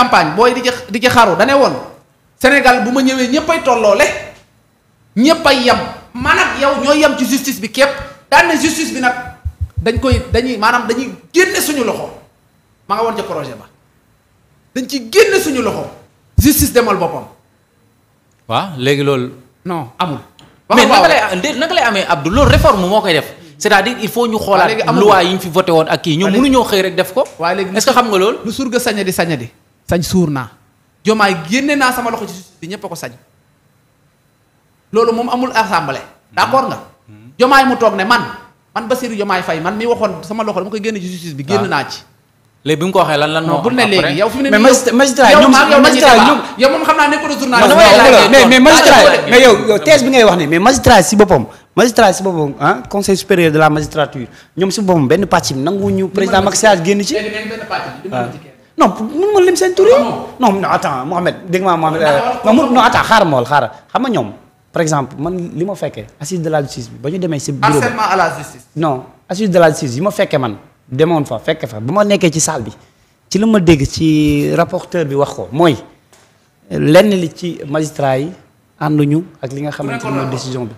campagne booy di ca di ca xaru dane woon Sénégal bu ma ñëwee ñëppay tolloole ñëppay yem man ak yow ñoo yem ci justice bi képp daan ne justice bi nag dañ koy dañuy maanaam dañuy génne suñu loxo ma nga woon ca projet ba dañ ci génne suñu loxo justice demal boppam. waaw léegi loolu. non amul. mais naka lay naka lay amee Abdou loolu réforme moo koy def. c'est-à-dire il faut ñu xoolaat loi yi ñu fi voté woon ak kii ñoom mënuñoo xëy rek def ko. waa léegi est-ce que xam nga loolu. lu surga di saña di. sañ suur naa jomaay génne naa sama loxo ci suuf bi ñépp ko sañ loolu moom amul assemblée d'accord nga jomaay mu toog ne man man Bassirou waxoon sama loxo dama koy génne ci naa ci léegi ko waxee lan lan moo bu ne léegi yow fi mu ne mais magistrat yow yow moom xam naa nekkoon journaliste mais mais magistrat bi ngay wax ne mais magistrat si boppam magistrat si boppam ah conseil de la magistrature ñoom si boppam benn pàcc bi nanguwuñu président Macky Sall génn ci non mënu ma lim seen tur yi. Ah, non non attends Mohamed dégg nga Mohamed. Ah, euh, non non non attends xaaral ma xaaral xam nga ñoom. par exemple man li ma fekkee assise de la justice bi ba ñu demee si bureau harcèlement no la justice. de la justice yi ma fekkee man demoon fa fekke fa ba ma nekkee ci saal bi ci la ma dégg ci rapporteur bi wax ko mooy lenn li ci magistrat yi ànduñu ak li nga xamante ne mooy décision bi.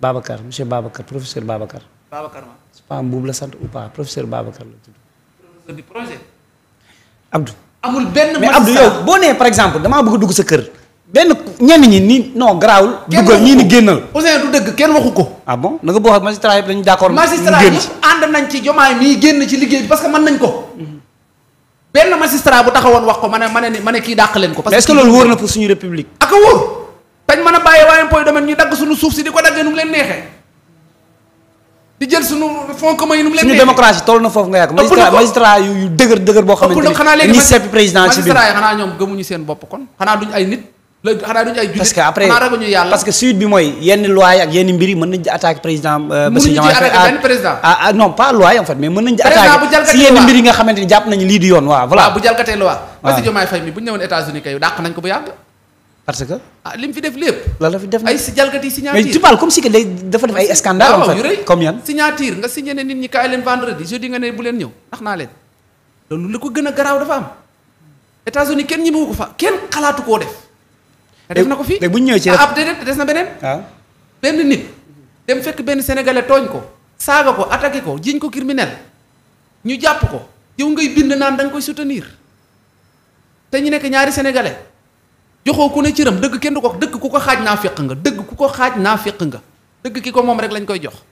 Babacar monsieur Babacar professeur Babacar. Babacar ma. c'est la sant ou pas la tudd. Abdou amul benn. mais boo nee par exemple damaa bëgg dugg sa kër. benn ñenn ñi ni non garaawul. duggal ñii ni génnal. Ousseynou du dëgg kenn waxu ko. ah bon da nga boo ak magistrat nañ ci jomaay liggéey bi que mën nañ ko. benn magistrat bu taxawoon wax ko ma ne kii dàq leen ko. parce loolu wóor na pour suñu république. ak a wóor dañ mën a bàyyi waaye impôt domaine ñu dagg suñu suuf si di ko daggee nu mu leen neexee. di jël sunu fonds commun yi nu mu leen suñu toll na foofu nga yàgg. magistrat yu dëgër dëgër boo. xamante ni xanaa léegi magistrat yi xanaa après parce que suite bi mooy yenn loi ak yenn mbir yi mën nañ président. Euh, Bassirou Diomaye Faye ah, ah, ah non pas loi en fait mais mën nañ ci si yenn mbir nga xamante ni jàpp nañu lii di yoon waaw voilà. bu jalgatee loi Bassirou Diomaye Faye mi bu ñu ñëwoon États-Unis kay dàq nañ ko bu yàgg parce que. ah li mu fi def lépp. la fi def ay si jalgati signature mais tu comme si que day dafa def ay ah, scandale. en ah, fait comme yan signature nga signé ne nit ñi kaay leen vendredi jeudi nga ne bu leen ñëw ndax naa leen loolu li ko gën a garaaw dafa am États-Unis kenn ñi mu ko fa kenn xalaatu koo def. def na ko fi bu ñu ci ah, ab déedéet des na beneen. waaw benn nit. de mu fekk benn sénégalais tooñ ko. saaga ko attaqué ko jiñ ko criminel ñu jàpp ko yow ngay bind naan da koy soutenir te ñu nekk ñaari sénégalais. joxoo ku ne cëram dëgg kenn du ko dëgg ku ko xaaj naa féq nga dëgg ku ko xaaj naa féq nga dëgg ki ko moom rek lañ koy jox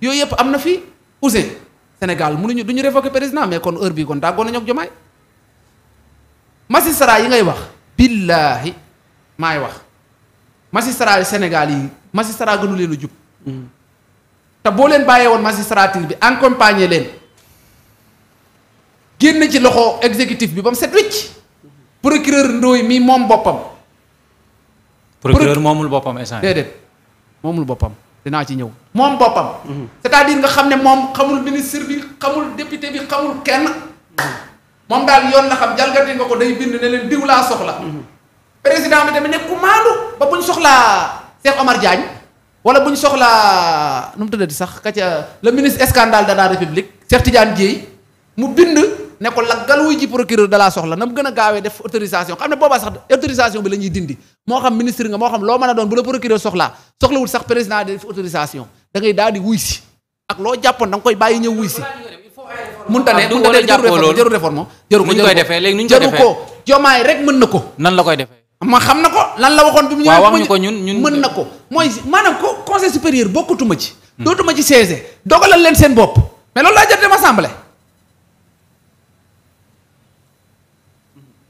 yooyu yëpp am na fi Ousseyn Sénégal mënuñu du ñu révoqué président mais kon heure bi kon dàggoo nañu ak Jomaay magistrat yi ngay wax billaahi maay wax magistrat yi Sénégal yi magistrat gënu leen a jub mm. te boo leen bàyyee woon magistrature bi accompagner leen génn ci loxo exécutif bi ba mu set wicc procureur Ndoye mii moom boppam. procureur moomul boppam instant déedéet moomul boppam dinaa ci ñëw moom boppam. Mhm. cest nga xam ne moom xamul ministre bi xamul député bi xamul kenn. moom daal yoon la xam jalgati nga ko day bind ne leen diw laa soxla. Mhm. président bi tamit ne ku maandu ba bu ñu soxlaa Cheikh Omar Diagne wala bu ñu soxlaa nu mu tuddati sax ka ca le ministre scandale de la république Cheikh Tidiane Dièye mu bind. ne ko laggal wuy ji procureur da laa soxla na mu gën a gaawee def autorisation xam ne boobaa sax autorisation bi la ñuy dindi moo xam ministre nga moo xam loo mën a doon bu la procureur soxlaa soxlawul sax président di def autorisation da ngay daal di wuy si ak loo jàppoon da nga koy bàyyi ñëw wuy si munta ne ah, munta ne jëru réforme jëru ko jëru ko jomaay rek mën na ko nan la koy xam na ko lan la waxoon bi mu ñëwee ñun ñun mën na ko mooy maanaam ko conseil supérieur bokkutuma ci hmm. dootuma ci CG dogalal leen seen bopp mais loolu laa jël dem assemblée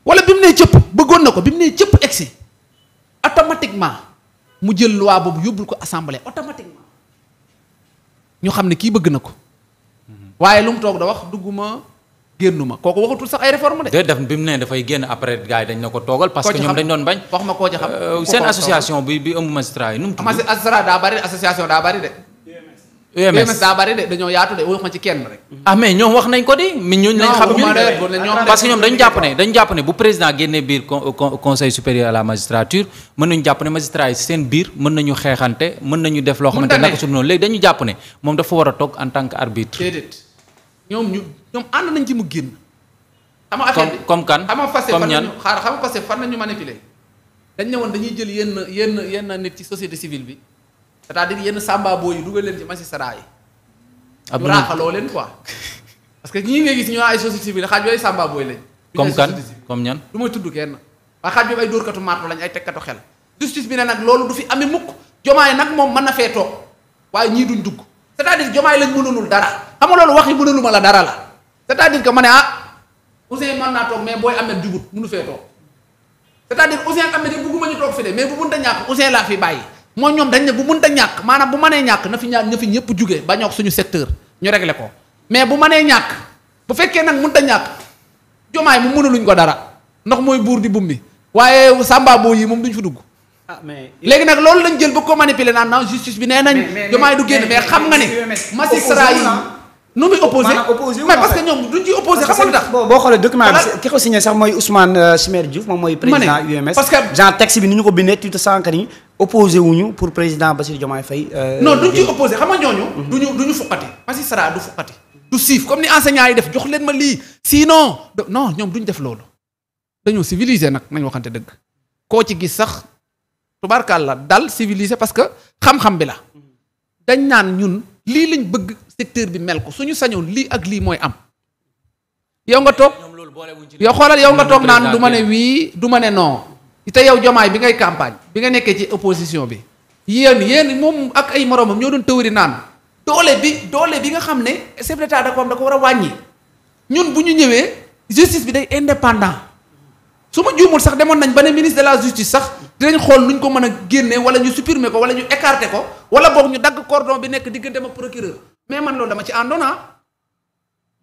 wala bi mu nee cëpp bëggoon na ko bi mu nee cëpp si automatiquement mu jël loi boobu yóbbul ko assemblée automatiquement ñu xam ne kii bëgg na ko waaye lu mu toog da wax dugguma génnuma kooku waxatul sax ay réforme de. day def bi mu ne dafay génn après gars dañ na ko toogal. parce que ñoom dañ doon bañ. wax ma koo ci xam euh, seen association bi bi ëmb magistrat yi nu mu tudd. magistrat daa bari association daa bari de. UMS daa bari de dañoo yaatu de waxuma ci kenn rek. ah mais ñoom wax nañ ko di. mi ñooñu lañ xam ñoom parce que ñoom dañu jàpp ne dañu jàpp ne bu président génnee biir conseil supérieur à la magistrature mën nañu jàpp ne magistrat yi seen biir mën nañu xeexante mën nañu def loo xamante naka su noonu léegi dañu jàpp ne moom dafa war a toog en tant que arbitre. déedéet ñoom ñu ñoom ànd nañ ci mu génn. xam nga affaire bi comme kan comme ñan xaar xam nga parce que fan nañu manipuler dañ ne woon dañuy jël yenn yenn yenn nit ci société civile bi c'est-à-dire yenn sàmba boo yi dugal leen ci magistrat yi. ab raaxaloo leen quoi. parce que ñii nga gis ñoo ay société bi ay sàmba booy lañ. comme kan comme ñan. du may tudd kenn waaye xaaj bi ay dóorkatu marto lañ ay tekkatu xel. justice bi ne nag loolu du fi amee mukk jomaay nag moom man na fee toog waaye ñii duñ dugg c'est-à-dire jomaay lañ mënalul dara xam nga loolu wax yi mënaluma la dara la c'est-à-dire que ma ne ah Ousseyn mën naa toog mais booy Ahmed jubut mënu fee toog c'est-à-dire Ousseyn ak Ahmed bugguma ñu toog mooy ñoom dañ ne bu mënta ñàkk maanaam bu mënee ñàkk na fi ña na fi ñëpp jugee ba ñoo suñu secteur ñu réglé ko mais bu mënee ñàkk bu fekkee nag mënta ñàkk jomaay mu mënuluñ ko dara ndax mooy buur di bumbi waaye sàmba boo yi dugg. ah mais léegi nag loolu lañ jël ba ko manipuler naan naan justice bi nee nañ. jomaay du génn mais xam nga ne. magistrat yi nu muy opposé mais parce ñoom duñ ci opposé xam nga tax boo xoolee document bi ko signé sax mooy Ousmane euh, Chimère Diouf moom mooy président UMS parce que genre bi ni wu wuñu pour président ba si Faye. Euh, non duñ ci opposé xam nga ñooñu. Mhm. du ñu du ñu fukkati Massi Sara du fukkati. du siif comme ni enseignants yi def jox leen ma lii sinon non ñoom duñ def loolu dañoo civilisé nag nañu waxante dëgg koo ci gis sax la dal civilisé parce que xam-xam bi la. dañ naan ñun lii lañ bëgg secteur bi mel ko suñu sañoon lii ak lii mooy am. yow nga toog yow xoolal yow nga toog naan du ma ne wii du ma ne non. te yow jomaay bi ngay campagne bi nga nekkee ci opposition bi yéen yéen moom ak ay moromam ñoo doon tëwëri naan doole bi doole bi nga xam ne chef d'état da ko am da ko war a wàññi ñun bu ñu ñëwee justice bi day indépendant su ma juumul sax demoon nañ ba ne ministre de la justice sax dinañ xool nuñ ko mën a génne wala ñu supprimer ko wala ñu écarter ko wala boog ñu dagg cordon bi nekk diggante ma procureur mais man loolu dama ci àndoona ah.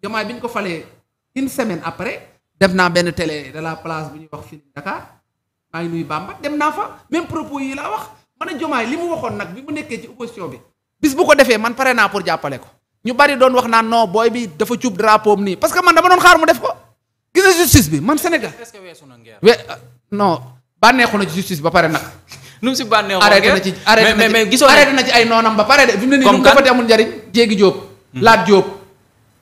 jomaay bi ko falee une semaine après def naa benn télé de la place bu ñuy wax fii maa ngi nuyu Bamba dem naa fa même propos yi laa wax man a jomaay li mu waxoon nag bi mu nekkee ci opposition bi bis bu ko defee man pare naa pour jàppale ko ñu bari doon wax naan non booy bi dafa cuub drapeau am nii parce que man dama doon xaar mu def ko gis justice bi man Sénégal. est-ce weesu na ngeer we non bànneexu ba pare nag. nu mu si na ci arrêté na ci na ci ay noonam ba pare de. comme kan fi mu ne nii nu mu ko fa amul njariñ Jéegi Diop. Hmm. Laat Diop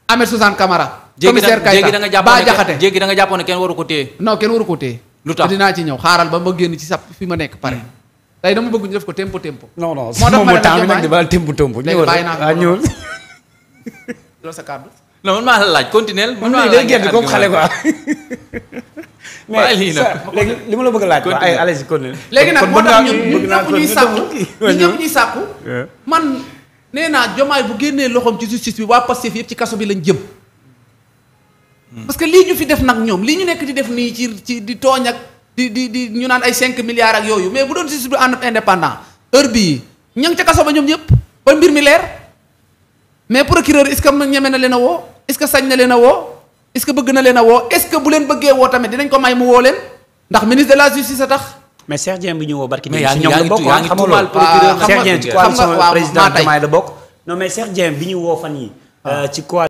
Ahmed Suzanne Camara. commissaire Kayta Ba Jaxate Jéegi da jàppoon kenn waru ko téye. non kenn waru ko téye. lu tax dinaa ci ñëw xaaral ba ma génn ci sap fi ma nekk pare. Hmm. tey dama bëgg ñu def ko tempo tempo. non non moo tax ma ne temps bi nag di baal tempo tempo. léegi bàyyi naa ko sa ah, kàddu. non man maa la laaj continuer. man maa la laaj gerte comme xale quoi. mais léegi li ma la bëgg a laaj. ay allez continuer léegi nag moo tax ñun ñun ñëpp ñuy sàkku ñun ñëpp ñuy man nee naa jomaay bu génnee loxoom ci justice bi waa Pastef yëpp ci kaso bi lañ jëm Hmm. parce que lii ñu fi def nag ñoom lii ñu nekk di def nii ci ci di tooñ ak di di ñu naan ay 5 milliards ak yooyu mais bu doon justice du indépendant heure bii ña ngi ca kaso ba ñoom ñëpp ba mbir mi leer mais procureur est-ce que leen a woo est-ce que leen a woo leen a woo est-ce que bu mais Cheikh Dieng bi ñu woo barki. mais ah. euh, ci coalition président